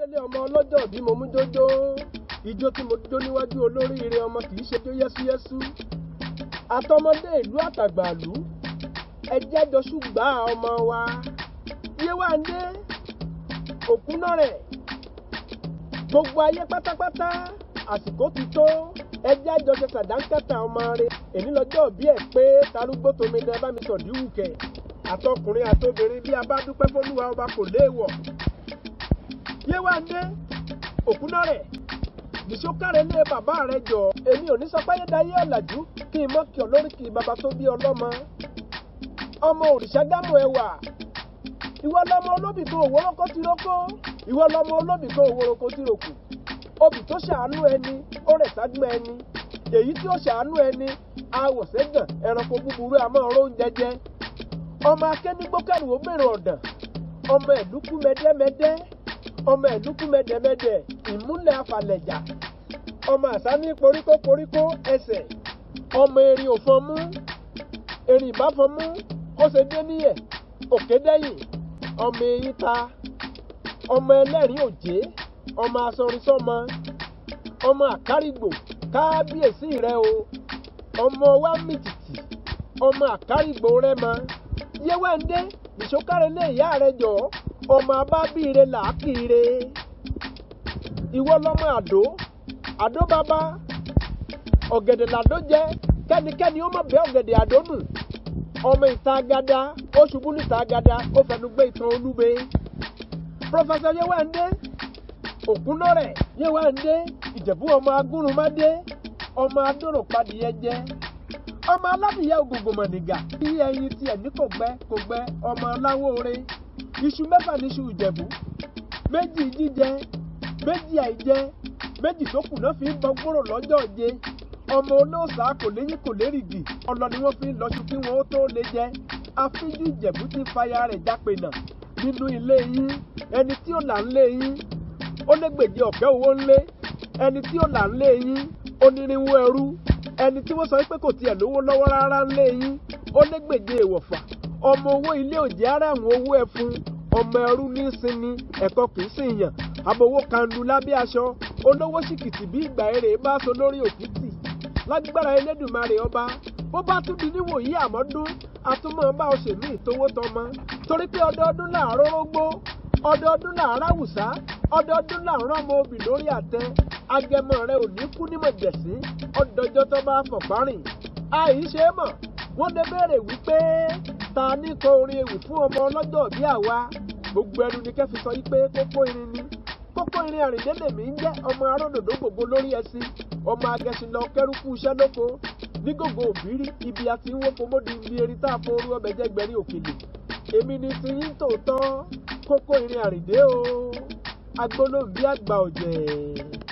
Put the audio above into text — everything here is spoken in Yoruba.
délé ọmọ ọlọ́jọ́ bí mo mú jójó ijó tí mo jó níwájú olóríire ọmọ kì í ṣe jó yẹ́súyẹ́sú àtọmọdé ìlú àtàgbàlú ẹjẹ́ jọ ṣùgbà ọmọ wa yéwándé òkúná rẹ̀ gbogbo ayé pátápátá àsìkò ti tó ẹjẹ́ àjọ ṣe ọmọ rẹ̀ èmi lọ́jọ́ bí ẹ̀ pé tarúgbó tomi ni ẹ bá mi sọ̀dí wùkẹ́ àtọkùnrin àtobìnrin bí a bá dúpẹ́ fólúwa ọba kò léèwọ̀ yéwándé òkúnárẹ̀ nìṣókàrẹ ní bàbá rẹ jọ èmi ò ní sọ pé ayédáyé ọ̀làjú kí n mọ́ kí olóríkì bàbá tó bí ọlọ́mọ ọmọ òrìṣà dámọ̀ ẹwà ìwọ lọmọ olóbì tó òwòrán kó ti rókó ìwọ lọmọ olóbì tó òwòrán kó ti rókù obì tó ṣàánú ẹni ó rẹ̀ ságbọ́n ẹni èyí tí ó ṣàánú ẹni awọ̀sẹ́gàn ẹranko búburú àmọ́ oúnjẹ jẹ ọmọ akẹ́nigbókẹ́rù ó bèrè ọ̀dàn ọmọ ẹ̀dúkú mẹ́dẹ́mẹ́dẹ́ ọmọ ẹ̀dúkú mẹ́dẹ̀mẹ́dẹ̀ ìmúlẹ̀ afàlẹ̀jà ọmọ àsámi poríkó poríkó ọmọ erin òfọmú erin ìbáfọmú ọsẹ déníyẹ òkédẹ́yìn ọmọ eyín ta ọmọ ẹlẹ́rìn òjé ọmọ asọrinsọmọ ọmọ àkárìgbò kábíyèsí rẹ o ọmọ wa mìtìtì ọmọ àkárìgbò rẹ mọ yéwẹ́ndé ìṣókárẹ́lẹ̀ ìyá rẹ jọ. ọmọ abábíire làákìire ìwọ lọmọ àdó àdó bàbá ọ̀gẹ̀dẹ̀ làdó jẹ́ kẹ́nikẹ́ni ó má bẹ́ ọ̀gẹ̀dẹ̀ àdó nù ọmọ ìta agada ó ṣubú níta agada ó fẹnu gbé ìtàn olúbe pọfẹsọ yewande òkúnlọ́rẹ̀ yewande ìjẹ̀bú ọmọ agúrunmádé ọmọ adóròpadìyẹ ọmọ aládìyẹ ògògòmọ̀nìgà bí ẹyin tiẹ̀ ní kò gbẹ kò gbẹ ọmọ Ishu mẹ́fà ní iṣu ìjẹ̀bú méjì jíjẹ méjì àìjẹ méjì tó kù náà fi ń bọ gbòòrò lọ́jọ́ òde ọmọ olóòsà kò léyìn kò lérìgì ọlọ ni wọn fi ń lọ́ṣu kí wọ́n ó tó lè jẹ afíjú ìjẹ̀bú ti faya rẹ̀ jápe nà nínú ilé yín ẹni tí ó là ń lé yín ó lé gbèdé ọ̀kẹ́ owó ńlé ẹni tí ó là ń lé yín ẹrú ẹni tí wọ́n sọ pé kò tiẹ̀ lówó lọ́wọ́ rárá ńlé yín ó lé gbèdé ìwọ̀fà ọmọ owó ilé òjì aráàmù owó ẹ̀fun ọmọ ẹrú ní sinmi ẹ̀kọ́ kì í sìn yàn àbòwò kandu lábẹ́ aṣọ olówó ṣìkìtì bí ìgbà èrè bá so lórí òkìtì lágbára Elédùmarè ọba bó bá tún di níwòyí àmọ́dún àtúmọ̀ bá òṣèlú ìtòwó tọmọ torí pé ọdọọdún làárọ̀ rógbó ọdọọdún làárọ̀ àwùsá ọdọọdún làárọ̀ ọmọ obì lórí àtẹ ajẹmọ rẹ ò ní kú nímọ̀ jẹ̀sí ọdọjọ́ tó bá fọ̀pá rìn àìṣe mọ̀ wọ́n lè béèrè wípé ta ní kọ orin ewì fún ọmọ ọlọ́jọ́ bí àwa gbogbo ẹnu ni kẹ́fi sọ wípé kókó irin ni kókó irin àrìndélèmí ń jẹ́ ọmọ aródòdó gbogbo lórí ẹṣin ọmọ agẹṣin lọ kẹrùkú iṣẹ́ lóko ní gbogbo òbírí ibi àti wọ́pọ̀ mọ́di ní erin tá a fọ orú ọbẹ̀ jẹ́ òkèlè èmi ni ti yín tòótọ́ kókó irin àrìndé o agbolóbi àgbà ọ̀jẹ̀.